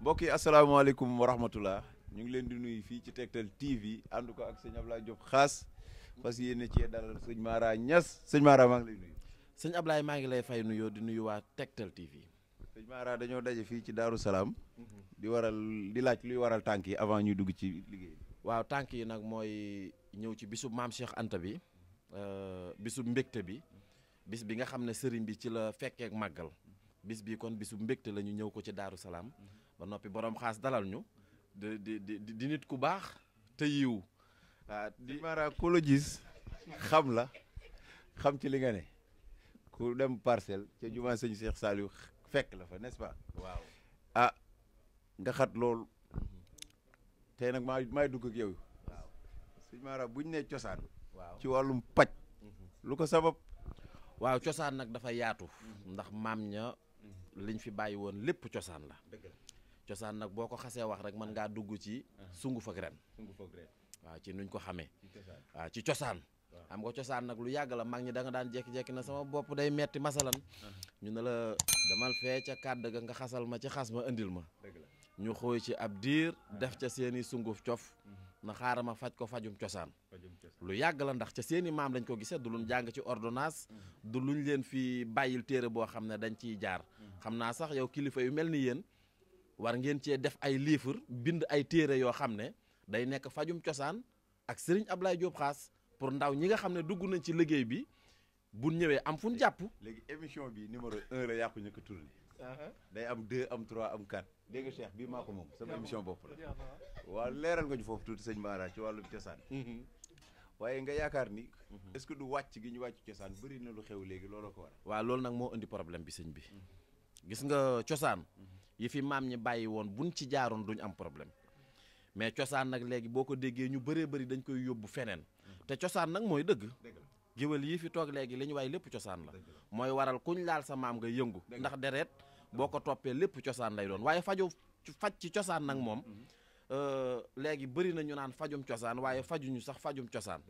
mbokk yi asalaamaaleykum wa rahmatullah ñu ngi leen di nuyu fii ci Tektal TV ànd ko ak sëñ Ablaye Diop xaas fas yéene cee dalal sëñ Mara ñas sëñ Mara maa ngi lay nuyu. sëñ Ablaye maa ngi lay fay nuyoo di nuyu waa Tektal TV. sëñ maara dañoo daje fii ci Daaru Salaam. di waral di laaj luy waral tànk yi avant ñuy dugg ci liggéey waaw tànk yi nag mooy ñëw ci bisub maam Cheikh Anta bi euh, bisub mbégte bi bis bi nga xam ne sëriñ bi ci la fekkeek màggal bis bi kon bisub mbégte lañu ñëw ko ci Daaru Salaam. ba noppi boroom xaas dalal ñu di di di di nit ku baax te yiw waa ah, di mara ku la gis xam la xam ci li nga ne ku dem parcelle ca jumaa sëñ Cheikh Saliou fekk la fa n'est-ce pas waaw ah nga xat loolu tey nag maa maay dugg ak yow waaw sëñ Mara buñ ne cosaan waaw ci wàllum paj mm-hmm. lu ko sabab waaw cosaan nag dafa yaatu mm-hmm. ndax maam ña mm-hmm. liñ fi bàyyi woon lépp cosaan la cosaan nag boo ko xasee wax rek mën ngaa dugg ci sunguf ak ren sunguf waaw ci nuñ ko xamee waaw ci cosaan xam nga cosaan nag lu yàgg la mag ñi danga daan jekki-jekki na sama bopp day metti masalan uh-huh. ñu ne la demal fee ca kàdd ga nga xasal ma ci xas ma indil ma ñu xooy ci ab diir uh-huh. def ca seeni sunguf cof uh-huh. na xaaral ma faj ko fajum cosaan lu yàgg la ndax ca seeni maam dañ ko gisee du luñ jàng ci ordonnance du luñ leen fi bàyyil téere boo xam ne dañ ciy jaar xam naa sax yow kilifa yu mel ni yéen war ngeen cee def ay livre bind ay téere yoo xam ne day nekk fajum cosaan ak Serigne Ablaye Diop xaas pour ndaw ñi nga xam ne dugg nañ ci liggéey bi bu ñëwee am fu ñu jàpp. léegi émission bi numéro un la yàqu ñu ko tourné. Uh-huh. day am deux am trois am quatre. dégg nga Cheikh bii maa ko moom sama émission bopp la. waaw leeral nga ñu foofu tuuti sëñ Mara ci wàllu cosaan. Mm-hmm. waaye nga yaakaar ni. Mm-hmm. est-ce que du wàcc gi ñu wàcc cosaan bëri na lu xew léegi looloo ko waral. waaw loolu nag moo indi problème bi sëñ bi. Mm-hmm. gis nga cosaan. yi fi maam ñi bàyyi woon buñ ci jaaroon duñ am problème mais cosaan nag léegi boo ko déggee ñu bëree bari dañ koy yóbbu feneen te cosaan nag mooy dëgg géwél yii fi toog léegi li ñu waay lépp cosaan la mooy waral kuñ laal sa maam nga yëngu ndax deret boo ko toppee lépp cosaan lay doon waaye faju faj ci cosaan nag moom mm-hmm. euh, léegi bëri na ñu naan fajum cosaan waaye fajuñu sax fajum cosaan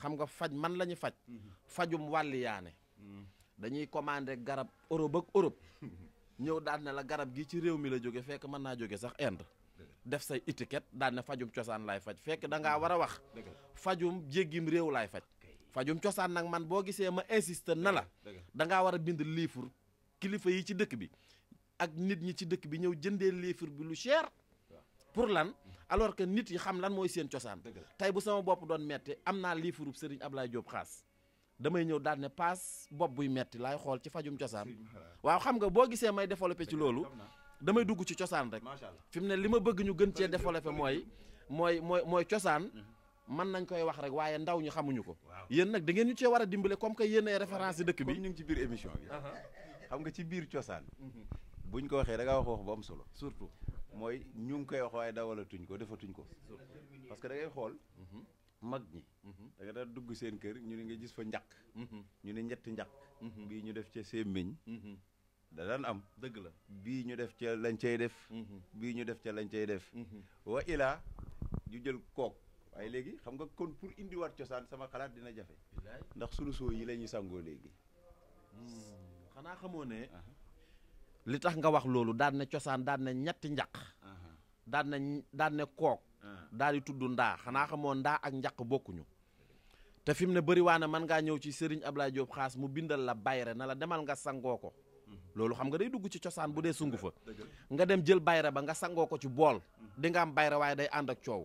xam nga faj man la ñu faj mm-hmm. fajum wàlli yaane mm-hmm. dañuy commandé garab Europe ak Europe ñëw daan ne la garab gi ci réew mi la jóge fekk mën naa jóge sax Inde def say étiquette daan ne fajum cosaan laay faj fekk da war a wax fajum jéggim réew laay faj fajum cosaan nag man boo gisee ma insiste na la da war a bind liifur kilifa yi ci dëkk bi ak nit ñi ci dëkk bi ñëw jëndee liifur bi lu cher pour lan alors que nit yi xam lan mooy seen cosaan tey bu sama bopp doon metti am naa liifurub ab Ablaye Diop xaas damay ñëw daal ne paas bopp buy metti laay xool ci fajum cosaan waaw xam nga boo gisee may développé ci loolu damay dugg ci cosaan rek fi mu ne li ma bëgg ñu gën cee développé mooy mooy mooy mooy cosaan mhm. mën nañ koy wax rek waaye ndaw ñi xamuñu ko yéen nag da ngeen ñu cee war a dimbale comme que yéen ay référence dëkk bi ñu ngi ci biir émission bi uh-huh. xam nga ci biir cosaan mhm. bu ñu ko waxee da ngaa wax wax bu am solo surtout mooy ñu ngi koy wax waaye dawalatuñ ko defatuñ ko que da ngay xool mhm. mag ñi mm-hmm. da nga daan dugg seen kër ñu ne nga gis fa njàq mm-hmm. ñu ne ñetti njàq mm-hmm. bii ñu def ca sémmiñ da daan am dëgg la bii ñu def ca lañ cay def bii ñu def ca lañ cay def wa ilaa ñu jël kook waaye léegi xam nga kon pour indiwaat cosaan sama xalaat dina jafe ndax sunu soo yi la ñuy sangoo léegi mm. xanaa xamoo ne li tax nga wax loolu daan na cosaan daan na ñetti njaq daan na daan na kook daal di tudd ndaa xanaa xamoo ndaa ak njaq bokkuñu te fi mu ne bëri waa na mën ngaa ñëw ci ab Ablaye Diop xaas mu bindal la bayre na la demal nga sangoo ko loolu xam nga day dugg ci cosaan bu dee sungu fa nga dem jël bayre ba nga sangoo ko ci bool di nga am bayre waaye day ànd ak coow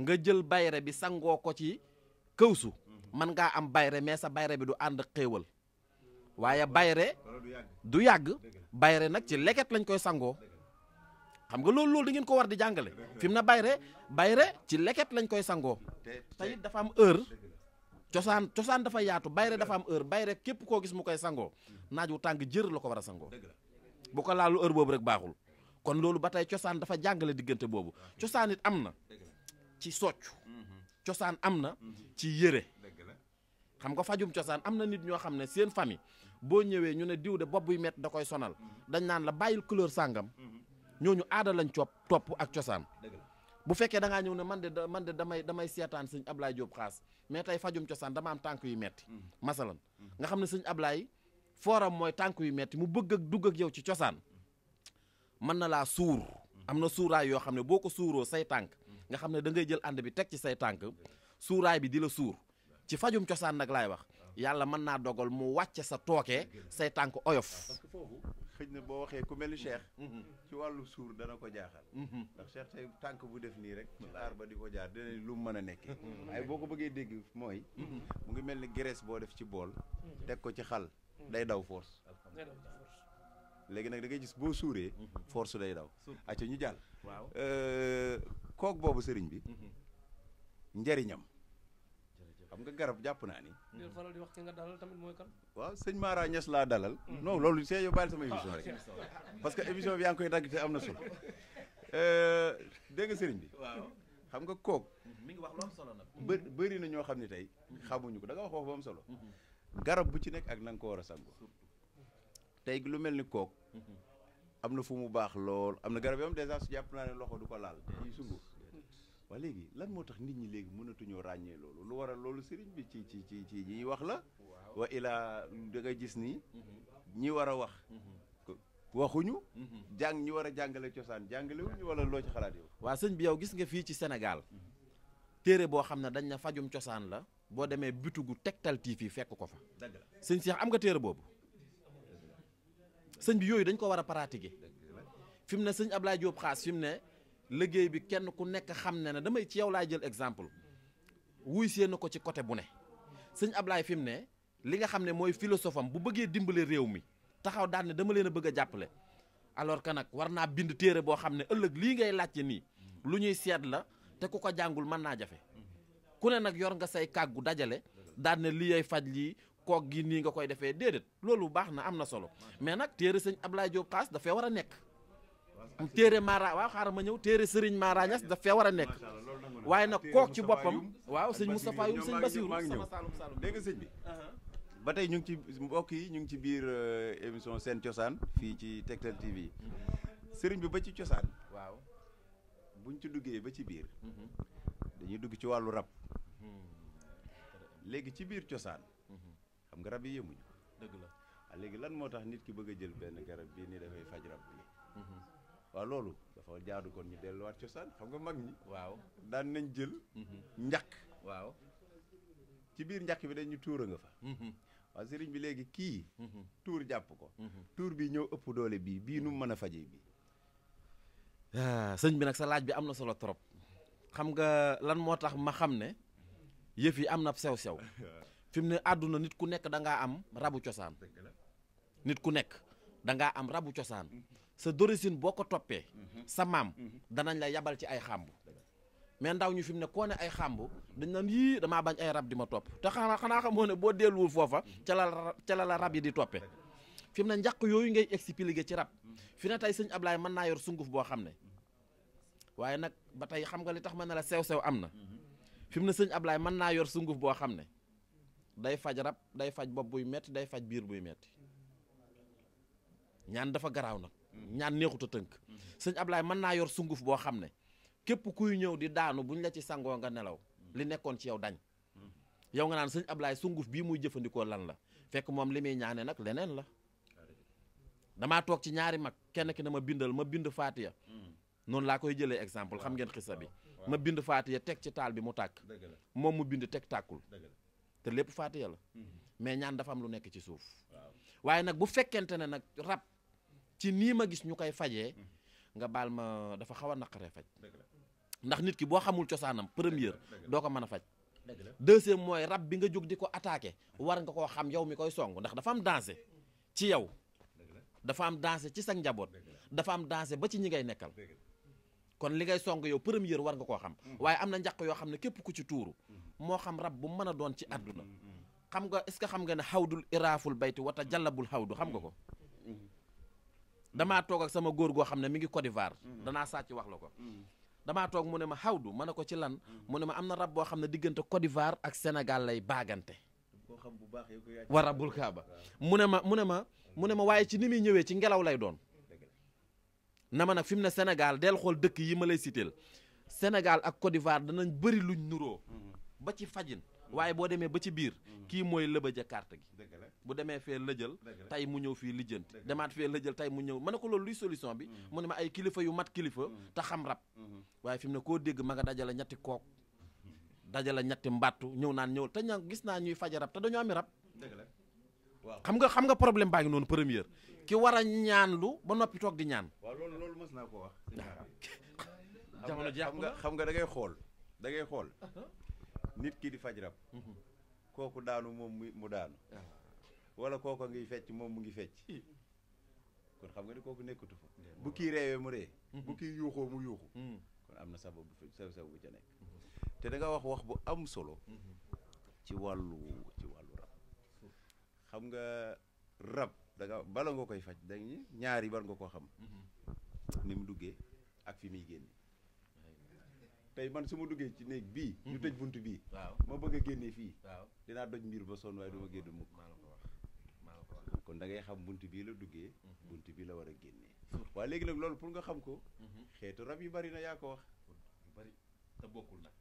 nga jël bayre bi sangoo ko ci këwsu mën ngaa am bayre mais sa bayre bi du ànd ak xéewal waaye bayre du yàgg bayre nag ci leket lañ koy sangoo xam nga loolu loolu da ngeen ko war di jàngale fi mu na bayre bayre ci leket lañ koy sangoo te it dafa am heure cosaan cosaan dafa yaatu bayre dafa am heure bayre képp koo gis mu koy sangoo naaj wu tàng jër la ko war a sangoo bu ko laalu heure boobu rek baaxul kon loolu ba tey cosaan dafa jàngale diggante boobu cosaan it am na ci soccu mhm. cosaan am na mhm. ci yére xam nga fajum cosaan am na nit ñoo xam ne seen famille boo ñëwee ñu ne diw de bopp buy mett da koy sonal mhm. dañ naan la bàyyil couleur sàngam ñooñu aada lañ coob topp ak cosaan bu fekkee da ngaa ñëw ne man de man de damay damay seetaan sëñ Ablaye Diop xaas mais tey fajum cosaan dama am tànk yu metti mm. masalan nga xam ne sëñ Ablaye fooram mooy tànk yu metti mu bëgg ak dugg ak yow ci cosaan mën na laa suur mm. am na suuraay yoo xam ne boo ko suuroo say tànk mm. nga xam ne da ngay jël ànd bi teg ci say tànk suuraay bi di la suur ci fajum cosaan nag laay wax yàlla mën naa dogal mu wàcce sa tooke say tànk oyof xëj na boo waxee ku mel ni mm-hmm. Cheikh. Mm-hmm. ci wàllu suur dana ko jaaxal. Mm-hmm. ndax Cheikh tey tànk bu def nii rek. aar ba di ko jaar dina lu mën a nekkee. waaye boo ko bëggee dégg mooy. mu ngi mel ni graisse boo def ci bool. teg ko ci xal day daw force. léegi nag dangay gis boo suuree. force day daw. acca ñu jàll. waaw euh, kook boobu sëriñ bi. njariñam. xam nga garab jàpp naa ni. di hmm. di wax ki nga dalal tamit mooy kan. waaw sëñ Mara Niass laa dalal. Hmm. non loolu see yóbbaale sama ah, émission rek. parce que émission bi yaa ngi koy dagg te am na solo. Euh, dégg sëriñ bi. waaw xam nga kook hmm, mi ngi wax solo nag. bë bëri na ñoo xam ne tey. xamuñu ko danga nga wax wax bu am solo. garab bu ci nekk ak na ko war a sangoo. tey lu mel ni kook am na fu mu baax lool am na garab yoo xam dèjà su jàpp naa ne loxo du ko laal. day sungu waa léegi lan moo tax nit ñi léegi mënatuñoo ràññee loolu lu waral loolu sëriñ bi ci ci ci ci ñiy wax la. wa ilaa da nga gis nii mm-hmm. ñi war a wax. Mm-hmm. waxuñu. Mm-hmm. jàng ñi war a jàngale cosaan jàngalewuñu wala loo ci xalaat yow. waa sëñ bi yow gis nga fii ci Sénégal. téere boo xam ne dañ na fajum cosaan la. boo demee bitugu Tektal TV fekk ko fa. dëgg la sëñ Cheikh am nga téere boobu. sëñ bi yooyu dañ ko war a pratiquer. fi ne sëñ Ablaye Diop xaas fi mu ne liggéey bi kenn ku nekk xam ne ne damay ci yow laay jël exemple wuy see na ko ci côté bu ne sëñ Ablaye fi mu ne li nga xam ne mooy philosophe am bu bëggee dimbale réew mi taxaw daan ne dama leen a bëgg a jàppale alors que nag war naa bind téere boo xam ne ëllëg lii ngay laajte nii lu ñuy seet la te ku ko jàngul mën naa jafe ku ne nag yor nga say kàggu dajale daan ne li faj lii koog gi nii nga koy defee déedéet loolu baax na am na solo mais nag téere sëñ Ablaye Diop Khass dafay war a nekk téere Mara waaw xaaral ma ñëw téere Serigne Mara Niass daf fee war a nekk waaye na kook ci boppam waaw sëñ Moustapha Youm sëñ Bassirou sama Saloum Saloum dégg nga sëñ bi uh-huh. ba tey ñu ngi ci mbokk yi ñu ngi ci biir euh, émission seen cosaan fii ci Tektal TV uh-huh. sëriñ bi ba ci cosaan waaw buñ ci duggee ba ci biir uh-huh. dañuy dugg ci wàllu rab léegi ci biir cosaan xam nga rab yi yëmuñu dëgg la léegi lan moo tax nit ki bëgg a jël benn garab bii ni dafay faj rab bi waaw loolu dafa jaaru kon ñu delluwaat cosaan xam nga mag ñi. waaw daan nañ jël. Mhm. njàkk. waaw ci biir njàkk bi dañ ñu tuura nga fa. Mhm. waaw sëriñ bi léegi kii. Mhm. tuur jàpp ko. tuur bii ñëw ëpp doole bii bii nu mu mën a faje bii. Ah, sëñ bi nag sa laaj bi am na solo trop. xam nga lan moo tax ma xam ne yëf yi am na sew sew. fi ne àdduna nit ku nekk da am rabu cosaan. nit ku nekk da am rabu cosaan. sa d'origine boo ko toppee mhm. sa maam mhm. danañ la yabal ci ay xàmbu mais ndaw ñu fi mu ne koo ne ay xàmbu dañ naan yii damaa bañ ay rab di ma topp te xam xanaa xamoo ne boo delluwul foofa mhm. ca la ca rab yi di toppe fi mu ne njàq yooyu ngay expliquer ci rab fi ne tey sëñ Ablaye mën naa yor sunguf boo xam ne waaye nag ba tey xam nga li tax ma ne sew-sew am na fi mu ne sëñ Ablaye mën naa yor sunguf boo xam ne day faj rab day faj bopp buy metti day faj biir buy metti ñaan dafa garaaw nag ñaan neexut a tënk mhm. sëñ Ablaye mën naa yor sunguf boo xam ne képp kuy ñëw di daanu buñ la ci sangoo nga nelaw mhm. li nekkoon ci yow dañ mhm. yow nga naan sëñ Ablaye sunguf bii muy jëfandikoo lan la fekk moom li muy ñaane nag leneen la damaa toog ci ñaari mag kenn ki na ma bindal ma bind faatiya noonu laa koy jëlee exemple xam ngeen xisa bi ma bind faatiya teg ci taal bi mu tàkk moom mu bind teg tàkkul te lépp faatiya la mais ñaan dafa lu nekk ci suuf waaye ci nii ma gis ñu koy fajee nga baal ma dafa xaw a naqaree faj ndax nit ki boo xamul cosaanam première doo ko mën a faj deuxième mooy rab bi nga jóg di ko attaqué war nga koo xam yow mi koy song ndax dafa am danger ci yow dafa am danger ci sa njaboot dafa am danger ba ci ñi ngay nekkal kon li ngay song yow première war nga koo xam mm. waaye am na njaq yoo xam ne képp ku ci tuuru mm. moo xam rab bu mën a doon ci mm. àdduna xam nga est-ce que xam nga ne xawdul iraaful bayti wata jallabul xawdu xam nga ko damaa toog ak sama góor goo xam ne mi ngi Côte d'Ivoire mm-hmm. danaa sàcc wax la ko mm-hmm. dama toog mu ne ma xawdu ma ne ko ci lan mm-hmm. mu ne ma am na rab boo xam ne diggante Côte d'Ivoire ak Sénégal lay baagante wa rabul kaaba mu ne ma mu ne ma mu ne ma waaye ci ni muy ñëwee ci ngelaw lay doon na ma nag fi mu ne Sénégal del xool dëkk yi ma lay siteel Sénégal ak Côte d'Ivoire danañ bëri luñ nuroo ba ci fajin waaye boo demee ba ci biir mm. kii mooy lëbëj a carte gi bu demee fee lëjal tey mu ñëw fii lijjanti demaat fee lëjal tey mu ñëw ma ne ko loolu luy solution bi mm. mu ne ma ay kilifa yu mat kilifa mm. te xam rab mm-hmm. waaye fi mu ne koo dégg ma nga dajale ñetti kook dajale ñetti mbattu ñëw naan ñëw te ña gis naa ñuy faja rab te dañoo ami rab waaw xam nga xam nga problème baa ngi noonu première ki war a ñaan lu ba noppi toog di ñaan waaw loolu loolu mës naa ko wax jamono ji xam nga xam nga da xool da ngay xool uh-huh. nit ki di faj rab mhm. kooku daanu moom mu daanu ah. wala kooku ngiy fecc moom mu ngi fecc kon xam nga ni kooku nekkatu fa bu kii reewee mu ree mhm. bu kii yuuxoo mu yuuxu mm. kon am na sabab bu sabab bu ca nekk te da wax wax bu am solo mhm. ci wàllu ci wàllu rab xam nga rab da bala nga koy faj dañu ñaari bar nga koo xam ni mu duggee ak fi muy génne tey man su ma duggee ci néeg bii. ñu mhm. tëj bunt bii. ma bëgg a génnee fii. dinaa doj mbir ba sonn waaye du ma génn mukk. kon da ngay xam bunt bii la duggee. Mhm. bunt bii la war a génnee. waaye léegi nag loolu pour nga xam ko. Mhm. xeetu rab yu bari na yaa ko wax. yu bari te bokkul nag.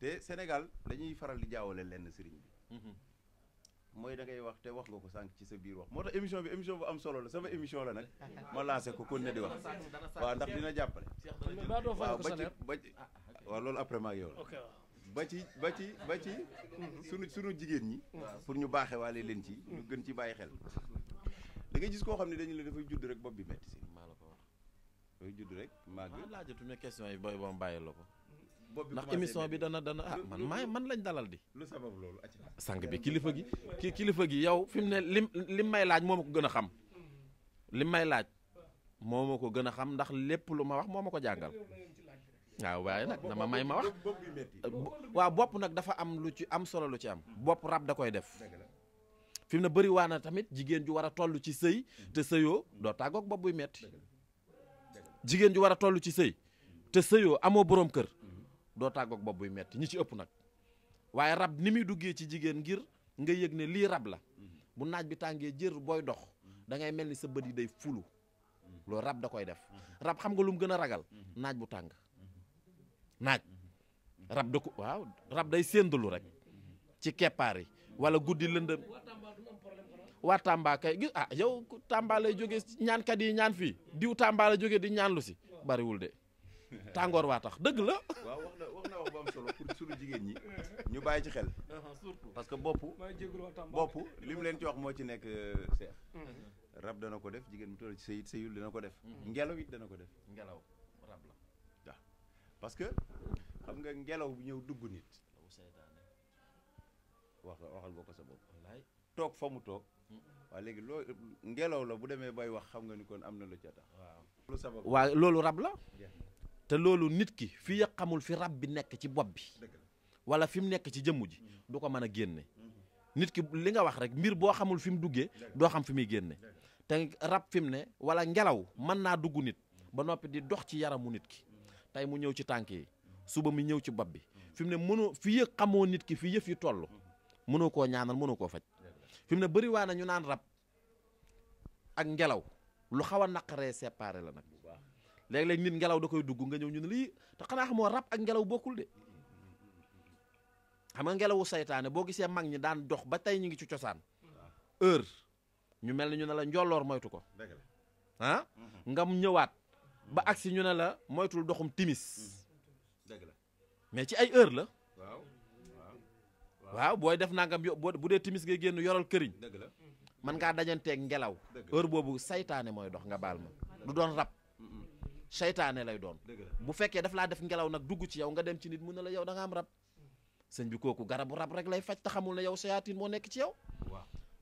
te Sénégal dañuy faral di jaawale lenn sëriñ bi. mooy da ngay wax te wax nga ko sànq ci sa biir wax moo tax émission bi émission bu am solo la sama émission la nag ma lancé ko kon ne di wax waaw ndax dina jàppale waaw ba ci ba ci waaw loolu après maag yow ba ci ba ci ba ci sunu sunu jigéen ñi pour ñu baaxe wàllee leen ci ñu gën ci bàyyi xel da ngay gis koo xam ne dañu la dafay judd rek bopp bi métti si dafay judd rek gi laajatu mais question yi booy boom bàyyi la ko ndax émission bi dana dana ah man maay man lañ dalal di. lu sabab loolu sang bi kilifa gi ki kilifa gi yow fi mu ne lim lim may laaj moo ma ko gën a xam. lim may laaj moo ko gën a xam ndax lépp lu ma wax moo ma ko jàngal. waaw waaye nag dama may ma wax waaw bopp nag dafa am lu ci am solo lu ci am bopp rab da koy def fi mu ne bëri waa na tamit jigéen ju war a toll ci sëy te sëyoo doo tàggook bopp buy metti jigéen ju war a toll ci sëy te sëyoo amoo boroom kër doo tàggoog boobu buy metti ñi ci ëpp nag waaye rab ni muy duggee ci jigéen ngir nga yëg ne lii rab la bu naaj bi tàngee jër booy dox dangay mel ni sa bët yi day fulu loolu rab da koy def rab xam nga lu mu gën a ragal naaj bu tàng naaj rab da ko waaw rab day séendalu rek ci keppaar yi wala guddi lëndëm waa Tamba gis ah yow Tamba lay jóge ñaankat yi ñaan fii diw Tamba la jóge di ñaanlu si bariwul de tàngoor waa tax dëgg la. am solo pour suñu jigéen ñi ñu bàyyi ci xel. Uh-huh, surtout parce que bopp. bopp li mu leen ci wax moo ci nekk seex. Euh, uh-huh. rab dana ko def jigéen mu toll ci sëyit sëyul dana ko def. Uh-huh. ngelaw it dana ko def. ngelaw rab la. waaw parce que xam nga ngelaw bu ñëw dugg nit. wax waxal boo ko sa bopp. toog fa mu toog. waaw léegi loo ngelaw la bu demee bay wax xam nga ni kon am na lu ca tax. waaw loolu rab la. te loolu nit ki fi yàqamul fi rab bi nekk ci bopp bi wala fi mu nekk ci jëmm ji du ko mën a génne mm-hmm. nit ki li nga wax rek mbir boo xamul fi mu duggee doo xam fi muy génne te rab fi mu ne wala ngelaw mën naa dugg nit ba noppi di dox ci yaramu nit ki mm-hmm. tey mu ñëw ci tànk yi suba mu ñëw ci bopp bi mm-hmm. fi mu ne mënoo fi yëg xamoo nit ki fi yëf yu toll mënoo koo ñaanal mënu koo faj fi mu ne bëri waa na ñu naan rab ak ngelaw lu xaw a naqaree séparé la nag léeg-léeg nit ngelaw da koy dugg nga ñëw ñu ne lii te xanaa xamoo rab ak ngelaw bokkul de xam nga ngelawu saytaane boo gisee mag ñi daan dox ba tey ñu ngi ci cosaan heure mel ni ñu ne la njolloor moytu ko ah mhm. ngam ñëwaat ba agsi ñu ne la moytul doxum timis mhm. mais ci ay heure la waaw booy def nangam yo bu dee timis ngay génn yoral këriñ man ngaa dajanteeg ngelaw heure boobu seytaane mooy dox nga baal ma du doon rab seytaane lay doon bu fekkee daf laa def ngelaw nag dugg ci yow nga dem ci nit mun na la yow da am rab sëñ bi kooku garabu rab rek lay faj te xamul ne yow sayaatin moo nekk ci yow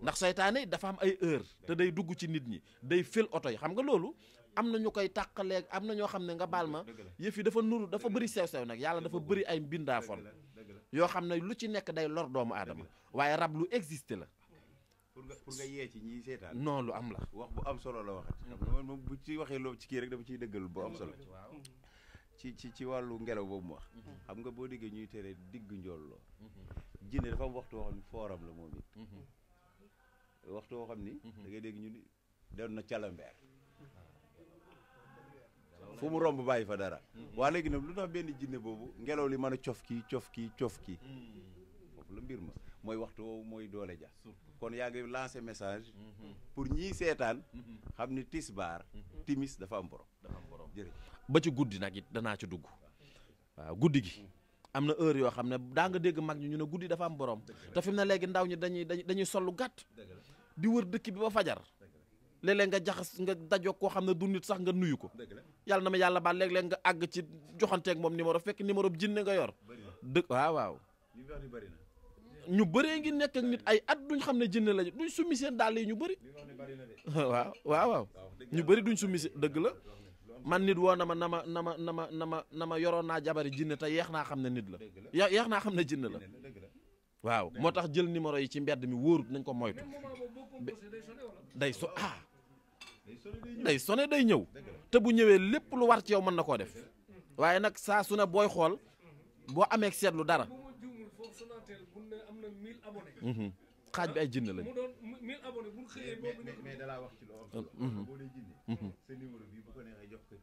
ndax seytaane dafa am ay heure te day dugg ci nit ñi day fël oto yi xam nga loolu am na ñu koy tàqaleeg am na ñoo xam ne nga baal ma yëf yi dafa nuru dafa bëri sew-sew nag yàlla dafa bëri ay mbindaafon yoo xam ne lu ci nekk day lor doomu aadama waaye rab lu existe la pour nga pour ci ñiy seetaan. non lu am la. wax bu am solo la waxati. Mm-hmm. xam nga bu ci waxee loo ci kii rek dafa ciy dëggal bu am solo. Mm-hmm. ci ci ci wàllu ngelaw boobu mu wax. Mm-hmm. xam nga boo diggee ñuy tere digg njool loo. jinne dafa am waxtu xam fooram la moom it. waxtu woo xam ni. da dégg ñu ni doon na calambeer. fu mu romb bàyyi fa dara. waa léegi nag lu tax benn jinne boobu ngelaw li man a cof ki cof ki cof ki foofu la mbir ma. mooy waxtu woowu mooy doole ja kon yaa ngi lancé message mhm. pour ñii seetaan mhm. xam ni tisbaar mhm. timis dafa am borom am borom jërëjëf ba ci guddi nag it danaa ci dugg waaw guddi gi am na heure yoo xam ne daa nga dégg mag ñu ñu ne guddi dafa am borom te fi ne léegi ndaw ñi dañuy dañuy sollu gàtt di wër dëkk bi ba fajar léeg nga jaxas nga dajoo koo xam ne du nit sax nga nuyu ko yàlla na ma yàlla baa léeg-léeg nga àgg ci joxanteeg moom numéro fekk numéro bi jinne nga yor dëkk waaw waaw ñu baree ngi nekk ak nit ay at duñ xam ne jinne lañu duñ summi seen dàll yi ñu bëri. waaw waaw waaw ñu bari duñ summi seen dëgg la man nit woo na ma na ma na ma na ma na ma na ma yoroon naa jabari jinne te yeex naa xam ne nit la yeex naa xam ne jinne la waaw moo tax jël numéro yi ci mbedd mi wóorut nañ ko moytu day so ah day sone day ñëw te bu ñëwee lépp lu war ci yow mën na koo def waaye nag saa su ne booy xool boo amee seetlu dara. xaaj bi ay jinne lañ. mu doon bu ñu xëyee boobu mais mais dalaa wax ci lu euh, am mm-hmm. mm-hmm. bi bu ko neexee jox ko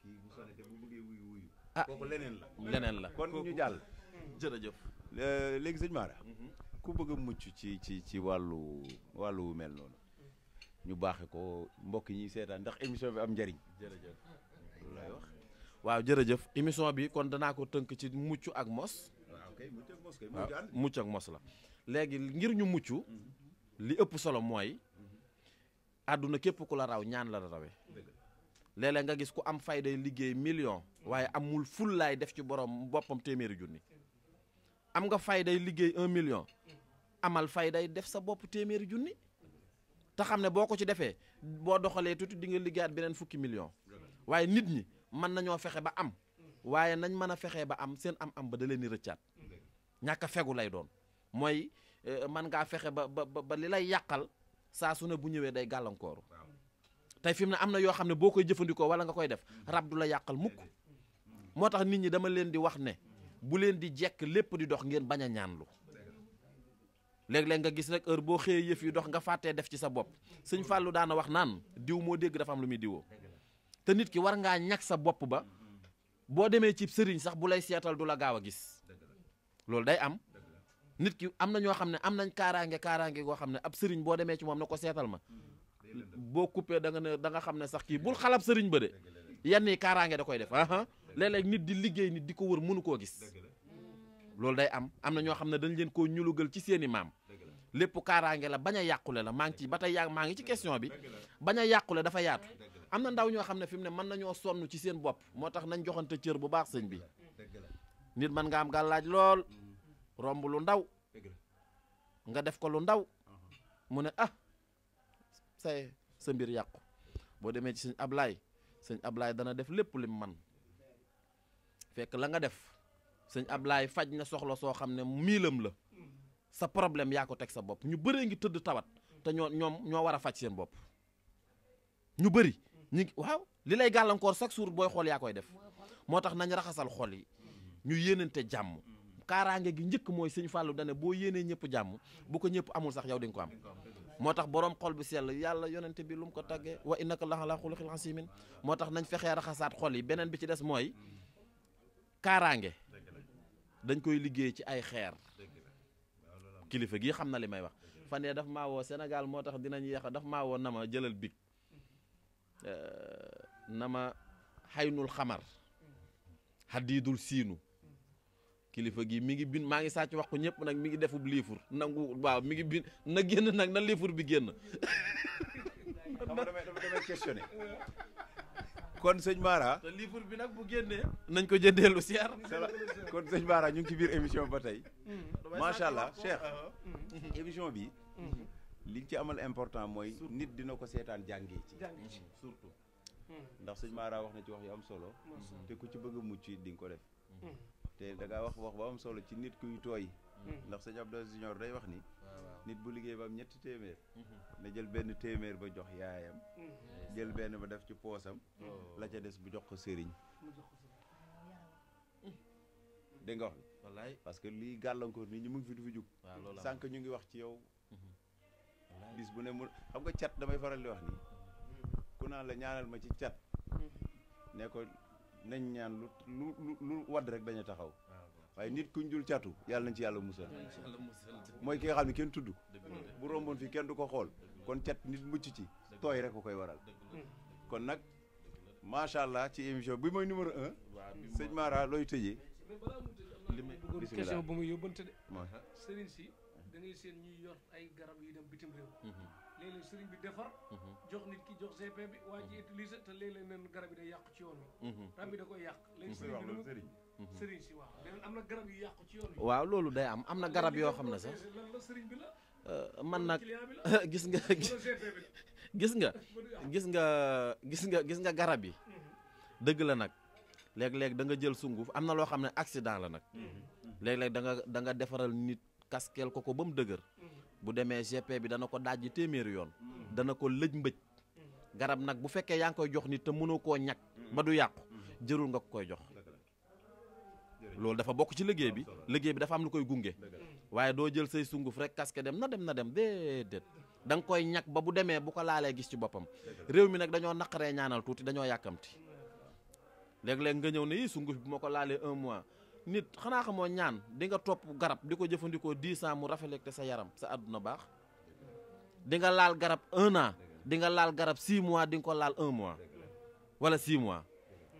ah. leneen la. leneen la kon ñu jàll. Mm. jërëjëf. Euh, léegi sëñ Mara. Mm-hmm. ku bëgg a mucc ci ci ci wàllu wàllu wu mel noonu. ñu baaxe ko mbokk yi ñuy seetaan ndax émission bi am njëriñ. jërëjëf lay wax. waaw jërëjëf émission bi kon danaa ko tënk ci mucc ak mos. Ah, mos kay. mucc ak mos la. léegi ngir ñu mucc li ëpp solo mooy àdduna képp ku la raw ñaan la rawe léeg nga gis ku am fayday liggéey million waaye amul ful laay def ci borom boppam téeméeri junni am nga fayday liggéey un million amal fayday def sa bopp téeméeri junni te xam ne boo ko ci defee boo doxalee tuuti di nga liggéeyaat beneen fukki million waaye nit ñi mën nañoo fexe ba am waaye nañ mën a fexe ba am seen am am ba da leen di rëccaat ñàkk fegu lay doon mooy euh, man ngaa fexe ba ba ba li lay yàqal saa su ne bu ñëwee day gàllankooru tey fi mu ne am na yoo xam ne boo koy jëfandikoo wala nga koy def rab du la yàqal mukk moo tax nit ñi dama leen di wax ne bu leen di jekk lépp di dox ngeen bañ a ñaanlu léeg-léeg nga gis rek heure boo xëyee yëf yu dox nga fàttee def ci sa bopp sëñ Fallou daana wax naan diw moo dégg dafa am lu muy diwoo te nit ki war ngaa ñàkk sa bopp ba boo demee ci sëriñ sax bu lay seetal du la gaaw a gis loolu day am nit ki am na ñoo xam ne am nañ kaaraange kaaraange goo xam ne ab sëriñ boo demee ci moom ne ko seetal ma boo coupé da nga ne da nga xam ne sax kii bul xalab sëriñ ba de yenn yi kaaraange da koy def aha ah. léeg-léeg nit di liggéey nit di ko war mënu koo gis loolu day am am na ñoo xam ne dañ leen koo ñulugal ci seeni maam lépp kaaraange la bañ a yàqule la maa ngi ci ba tey yaa maa ngi ci question bi bañ a yàqule dafa yaatu am na ndaw ñoo xam ne fi mu ne mën nañoo sonn ci seen bopp moo tax nañ joxante cër bu baax sëñ bi mën nga am gàllaaj lool romb lu ndaw nga def ko lu ndaw mu ne ah say sa mbir yàqu boo demee ci sëñ Ablaay sëñ Ablaay dana def lépp lim man fekk la nga def sëñ laay faj na soxla soo xam ne miilam la sa problème yaa ko teg sa bopp ñu bëree ngi tëdd tawat te ñoom ñoo war a faj seen bopp ñu bëri ñu waaw li lay gàllankoor chaque jour booy xool yaa koy def moo tax nañ raxasal xol yi ñu yéenante jàmm kaaraange gi njëkk mooy sëñ Fallou dane boo yéenee ñëpp jàmm bu ko ñëpp amul sax yow di ko am moo tax borom xol bi sell yàlla yonente bi lu mu ko taggee wa innaka la ala xuluqil asimin moo tax nañ fexee raxasaat xol yi beneen bi ci des mooy kaaraange dañ koy liggéey ci ay xeer kilifa gii xam na li may wax fan yee daf senegal moo tax dinañ yeexa daf maa woo na ma jëlal big na ma xaynul xamar xadiidul siinu kilifa gi mi ngi bind maa ngi sàcc wax ko ñëpp nag mi ngi defub liifur nangu waaw mi ngi bind na génn nag na liifur bi génn. kon sëñ maara te liifur bi nag bu génnee. nañ ko jëndee lu seer. kon sëñ Mara ñu ngi ci biir émission ba tey. Mm. macha allah Cheikh uh-huh. mm-hmm. émission bi. Mm-hmm. li ngi ci amal important mooy. nit dina ko seetaan jàngee ci. jàngee ci mm-hmm. ndax sëñ Mara wax na ci wax yu am solo. te ku ci bëgg a mucc di nga ko def. te da ngaa wax wax ba am solo ci nit kuy tooy. Hmm. ndax sëñ Abdou Junior day wax ni. nit bu liggéey ba am ñetti téeméer. Hmm. na jël benn téeméer ba jox yaayam. Hmm. jël benn ba def ci poosam. Oh. la ca des bu jox ko sëriñ. dégg nga wax bi wallaay parce que lii gàllankoor nit ñi mu ngi fi du fi jug. sànq ñu ngi wax ci yow. bis bu ne mu xam nga cat damay faral di wax nii. ku naan la ñaanal ma ci cat. ne nañ ñaan lu lu lu wadd rek bañ a taxaw waaye nit kuñ jul catu yàlla nañ ci yàlla musal mooy ki nga xam ne kenn tudd bu romboon fii kenn du ko xool kon cat nit mucc ci tooy rek ko koy waral kon nag macha allah ci émission bi mooy numéro un sëñ Mara looy tëjee li may question bu muy yóbbante de sëriñ si da ngay seen ñuy yor ay garab yi dem bitim réew mhm. léeg-léeg sëriñ bi mhm. jox nit ki jox CP bi mhm. léeg-léeg nen garab yàqu ci yoon wi mhm. rab bi da koy yàq léegi sëriñ sëriñ si waaw leneen am garab yu yàqu ci waaw loolu day am am na garab yoo xam ne sax euh, man nag gis nga gis nga gis nga gis nga gis nga garab yi dëgg la nag léeg-léeg da nga jël sunguf am na loo xam ne accident la nag léeg-léeg da defaral nit kaskeel ko ko ba mu dëgër bu demee GP bi dana ko dajji téeméeri yoon dana ko lëj mbëj garab nag bu fekkee yaa ngi koy jox nit te mënoo koo ñag ba du yàqu jërul nga ko koy jox loolu dafa bokk ci liggéey bi liggéey bi dafa am lu koy gunge waaye doo jël say sunguf rek casque dem na dem na dem déedéet da koy ñag ba bu demee bu ko laalee gis ci boppam réew mi nag dañoo naqaree ñaanal tuuti dañoo yàkkamti léeg-léeg nga ñëw ne yi sunguf bi ma ko laalee un mois nit xanaa xamoo ñaan di nga topp garab di ko jëfandikoo dix ans mu rafetlekte sa yaram sa àdduna baax di nga laal garab un an di nga laal garab six mois di nga ko laal un mois wala six mois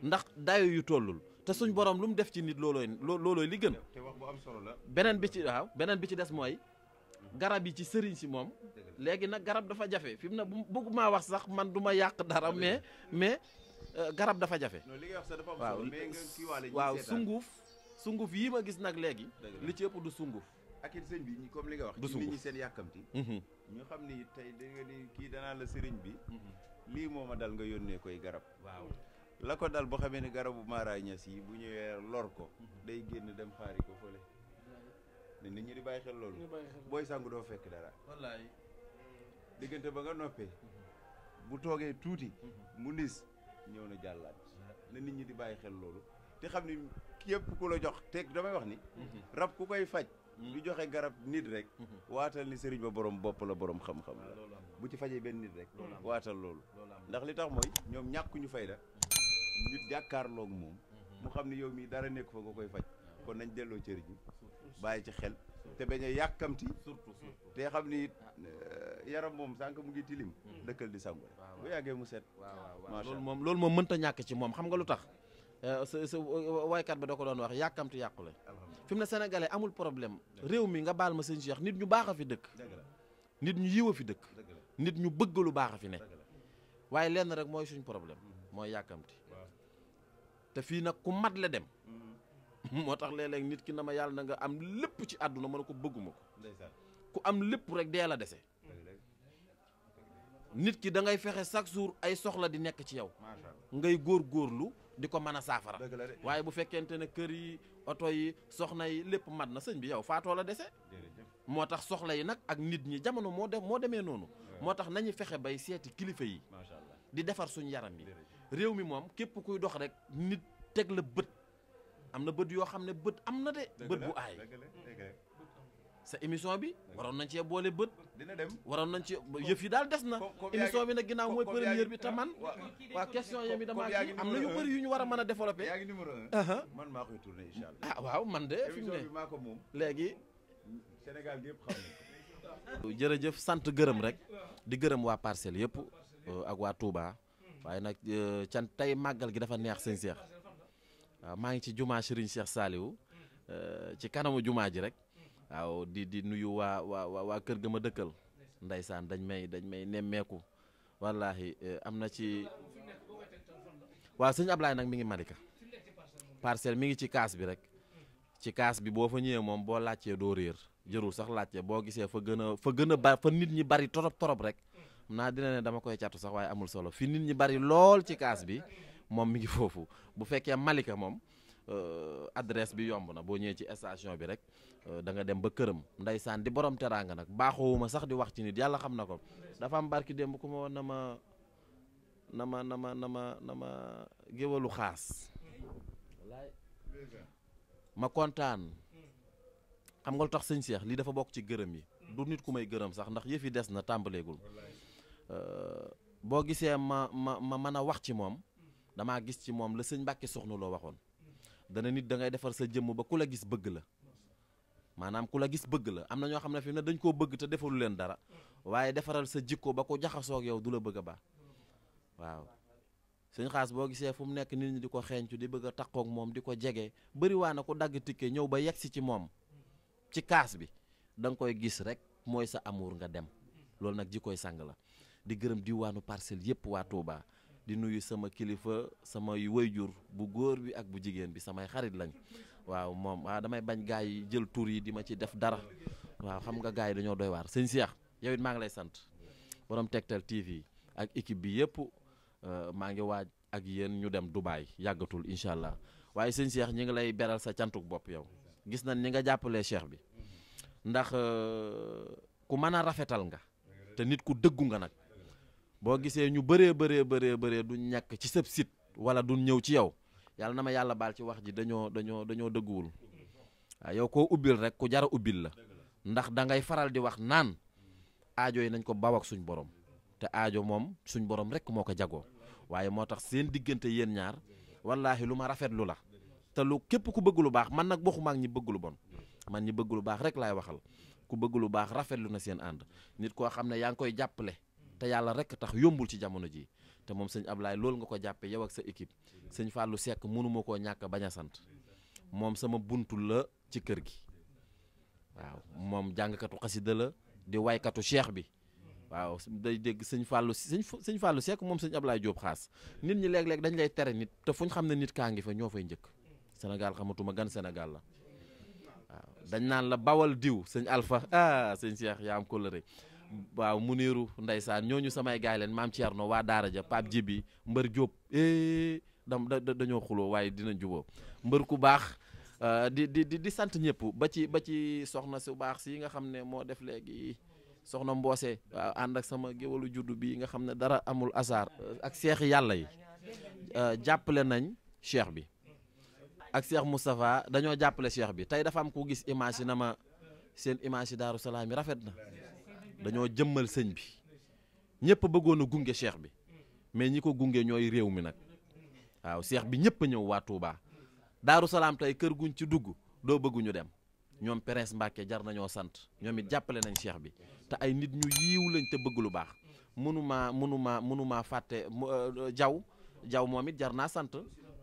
ndax dayo yu tollul te suñ borom lu mu def ci nit loolooy loolooy li gën te wax bu am solo la beneen bi ci waaw beneen bi ci des mooy garab yi ci sëriñ si moom léegi nag garab dafa jafe fi mu ne bëgguma wax sax man du ma yàq dara mais mais euh, garab dafa jafe waaw waaw sunguf sunguf yii ma gis nag léegi. li ci ëpp du sunguf. ak it sëñ bi comme li nga wax. du sunguf ci nit ñi seen yàkkamti. Mhm. ñu xam ni tey da nga ni kii danaa la sëriñ bi. Mhm. lii moo ma dal nga yónnee koy garab. waaw la dal boo xamee ni garabu maaraay ñas yi bu ñëwee lor ko. Mhm. day génn dem xaari ko fële. ne nit ñi di bàyyi xel loolu. booy sangu doo fekk dara. wallaay. diggante ba nga noppee. bu toogee tuuti. mu nis ñëw na jàllaat. na nit ñi di bàyyi xel loolu te xam ni. képp ku la jox teg damay wax ni. Mhm. rab ku koy faj. Mhm. du joxe garab nit rek. Mhm. waatal ni sëriñ ba borom bopp la boroom xam-xam la. bu ci fajee benn nit rek. waatal loolu. ndax li tax mooy ñoom ñàkkuñu fayda. nit jàkkaarloog moom. mu xam ni yow mii dara nekku fa nga koy faj. Ah. kon nañ delloo cër ji bàyyi ci xel te bañ a yàkkamti te xam ni ah. euh, yaram moom sànq mu ngi tilim dëkkal di sangu bu yàggee mu set loolu moom loolu moom mënta ñàkk ci moom xam nga lu tax sa euh, sa euh, euh, waykat bi da ko doon wax yàkkamti yàqule fi mu ne sénégalais amul problème réew mi nga baal ma sëñ seex nit ñu baax a fi dëkk nit ñu yiw a fi dëkk nit ñu bëgg baax a fi ne waaye lenn rek mooy suñ problème mooy yàkkamti te fii nag ku mat la dem mm-hmm. moo tax léeg-léeg nit ki na ma yàlla na nga am lépp ci àdduna mën a ko bëgguma ko ku am lépp rek dee la dese nit ki da ngay fexe chaque jour ay soxla di nekk ci yow ngay góor góorlu di ko mën a saafara waaye bu fekkente ne kër yi oto yi soxna yi lépp mat na sëñ bi yow faatoo la dese moo tax soxla yi nag ak nit ñi jamono moo dem moo demee noonu moo tax nañu fexe bay seeti kilifa yi di defar suñu yaram yi réew mi moom képp kuy dox rek nit teg la bët am na bët yoo xam ne bët am na de bët bu aay sa émission bi waroon nañ cee boole bët. dina dem waroon nañ ci yëf yi daal des na. émission bi na ginnaaw mooy première bi te man. waa question yam yi damaa kii am na yu bëri yu ñu war a mën a développé. yaa ngi numéro uh-huh. man maa koy tourné ah waaw man de fi mu ne émission bi maa sant gërëm rek di gërëm waa parcelle yëpp uh, ak waa Touba waaye nag uh, can tey màggal gi dafa neex sëñ Cheikh waaw maa ngi ci jumaa Serigne Cheikh Saliou uh, ci kanamu jumaa ji rek. waaw di di nuyu waa waa waa kër ga ma dëkkal. ndaysaan dañ may dañ may nemmeeku. wallaahi eh, am na ci waa sëñ Ablaye nag mi ngi Malika. parcelle mi ngi ci kaas bi rek. ci kaas bi boo fa ñëwee moom boo laajtee doo réer jërul sax laajte boo gisee fa gën a fa gën a ba fa nit ñi bari torop torop rek. naa dina ne dama koy catu sax waaye amul solo fi nit ñi bari lool ci kaas bi moom mi ngi foofu bu fekkee Malika moom. Euh, adresse bi yomb na boo ñëwee ci station bi rek euh, danga dem ba këram ndeysaan di borom teraanga nag baaxoowuma sax di wax ci nit yàlla xam na ko dafa am barki démb ku ma woon na ma na ma ma na ma na géwalu xaas ma kontaan xam nga lu tax sëñ Cheikh lii dafa bokk ci gërëm yi du nit ku may gërëm sax ndax yëf yi des na tàmbaleegul euh, boo gisee ma ma ma mën a wax ci moom damaa gis ci moom la sëñ Mbàkke soxna loo waxoon dana nit dangay defar sa jëmm ba ku la gis bëgg la maanaam ku la gis bëgg la am na ñoo xam ne fi mu ne dañ koo bëgg te defalu leen dara waaye defaral sa jikko ba ko jaxasoo ak yow du la bëgg a baax waaw suñ xaas boo gisee fu mu nekk nit ñi di ko xeeñcu di bëgg a taqoog moom di ko jege bëri na ku dagg tikke ñëw ba yegsi ci moom ci kaas bi da nga koy gis rek mooy sa amour nga dem loolu nag ji koy sang la di gërëm diwaanu parcelle yëpp waa Touba di nuyu sama kilifa sama wayjur bu góor bi ak bu jigéen bi samay xarit lañ waaw moom waaw damay bañ gaa yi jël tur yi di ma ci def dara waaw xam nga gars yi dañoo doy waar sëñ Cheikh yow maa ngi lay sant borom Tektal TV ak équipe bi yëpp euh, maa ngi waaj ak yéen ñu dem Dubaay yàggatul incha allah waaye sëñ Cheikh ñi ngi lay beral sa cantuk bopp yow gis nañ ni nga jàppale Cheikh bi ndax euh, ku mën a rafetal nga te nit ku dëggu nga nag. boo gisee ñu bëree bëree bëree bëree du ñàkk ci sëb site wala du ñëw ci yow yàlla na ma yàlla baal ci wax ji dañoo dañoo dañoo dëgguwul waaw yow koo ubbil rek ku jara ubbil la ndax da ngay faral di wax naan aajo yi nañ ko baw ak suñ borom te aajo moom suñ borom rekk moo ko jagoo waaye moo tax seen diggante yéen ñaar wallaahi lu ma rafetlu la te lu képp ku bëgg lu baax man nag waxuma ak ñi bëgg lu bon man ñi bëgg lu baax rek laay waxal ku bëgg lu baax rafetlu na seen ànd nit koo xam ne yaa ngi koy jàppale te yàlla rek tax yombul ci jamono jii te moom sëñ Ablaye loolu nga ko jàppee yow ak sa équipe sëñ fàllu Seck mënuma koo ñàkk bañ sant moom sama buntu la ci kër gi moom jàngkatu xasida la di bi waaw day dégg sëñ Fallou sëñ sëñ Fallou Seck moom sëñ Ablaye Diop xaas nit ñi léeg-léeg dañ lay tere nit te fuñ xam ne nit kaa ngi fa ñoo fay njëkk Sénégal xamatuma gan senegal la waaw dañ naan la bawal diw sëñ alfa ah sëñ Cheikh yaa am kóllëre waaw Muniru ndeysaan ñooñu samay gaay leen maam Thierno waa Daara ja ji bi mbër Diop eh, dam da dañoo xuloo waaye dina juboo mbër ku baax euh, di di di sant ñëpp ba ci ba ci soxna su baax si nga xam ne moo def léegi soxna mboose waaw ànd ak sama géwalu juddu bi nga xam ne dara amul asaar euh, ak seex yàlla yi euh, jàppale nañ cheikh bi ak cheikh Moustapha dañoo jàppale cheikh bi tey dafa am ku gis image na ma seen image yi Daaru Salaam yi rafet na dañoo jëmmal sëñ bi ñëpp bëggoon a gunge cheikh bi mais ñi ko gunge ñooy réew mi nag waaw cheikh bi ñëpp a ñëw waa Touba Daaru Salaam tey kër guñ ci dugg doo bëgguñu dem ñoom Prince mbàkke jar nañoo sant ñoom it jàppale nañ cheikh bi te ay nit ñu yiiw lañ te bëgg lu baax mënumaa mënumaa mënumaa fàtte euh, euh, jaw jaw moom it jar naa sant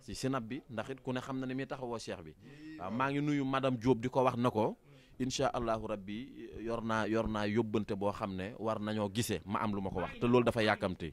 si sinab bi ndax it ku ne xam na ni muy taxawoo cheikh bi waaw maa ngi nuyu madam Diop di ko wax na ko incha allahu rabbi yor naa yor naa yóbbante boo xam ne war na nañoo gisee ma am lu ma ko wax te loolu dafa yàkkamti